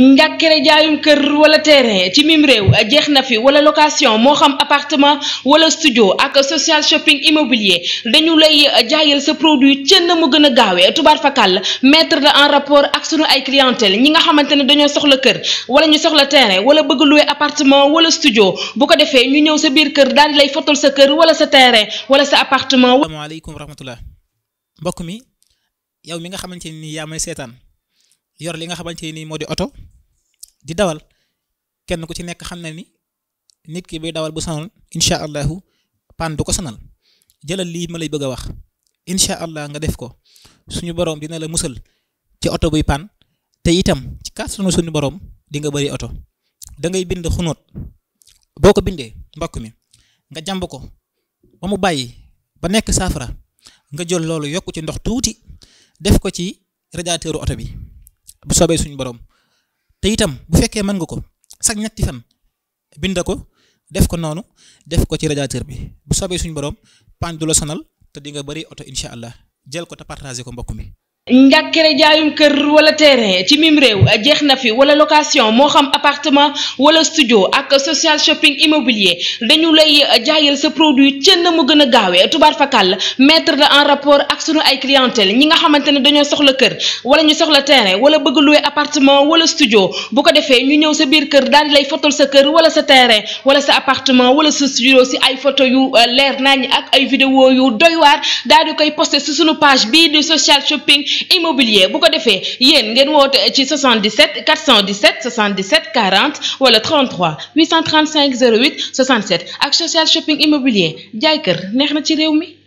njàkkere jaayum kër wala terrain ci mim réew eh, jeex na fi wala lokation moo xam appartement wala studio ak social shopping immobilier dañu lay eh, jaayal sa produit cën na mu gën a gaawee tubaar fakal mettre la en rapport ak sunu ay clientèle ñi nga xamante ne dañoo soxla kër wala ñu soxla terrain wala bëgg louer appartement wala studio bu ko defee ñu ñëw sa biir kër daal di lay fotol sa kër wala sa terrain wala sa apartement appartement. asalaamaaleykum wa rahmatulah mbokk mi yow mi nga xamante ni yaa may yor li nga xamante ni moo di oto. di dawal kenn ku ci nekk xam na ni nit ki buy dawal bu sonal incha allahu pan du ko sanal jëlal lii ma lay bëgg a wax incha allah nga def ko suñu borom dina la musal ci oto buy pan te itam ci kàttanu suñu borom di nga bëri oto da ngay bind xunóot boo ko bindee mbokk mi nga jàmb ko ba mu bàyyi ba nekk saafara nga jël loolu yokk ci ndox tuuti def ko ci radiateuru oto bi bu soobee suñu borom. te itam bu fekkee mën nga ko sax ñetti fan binda ko def ko noonu def ko ci radiateur bi bu soobee suñu borom panne du la sonal te di nga bëri oto incha allah jël ko te partagé ko mbokk mi. njàkkere jaayum keur wala terrain ci mim réew jeex fi wala location mo xam appartement wala studio ak social shopping immobilier dañu lay jaayel sa produit cën mu gëna gaawé tubar tubaar fakal mettre la en rapport ak suñu ay clientèle ñi nga xamante ne dañoo soxla keur wala ñu soxla terrain wala bëgg louer appartement wala studio bu ko défé ñu ñëw sa biir keur dal di lay fotol sa keur wala sa terrain wala sa appartement wala sa studio ci ay photo yu euh, leer nañ ak ay vidéo yu doy waar dal di koy posté ci suñu page bi de social shopping immobilier bu ko faits, Yen, 77 417 77 40 wala 33 835 08 67 Action social shopping immobilier jaay kër ce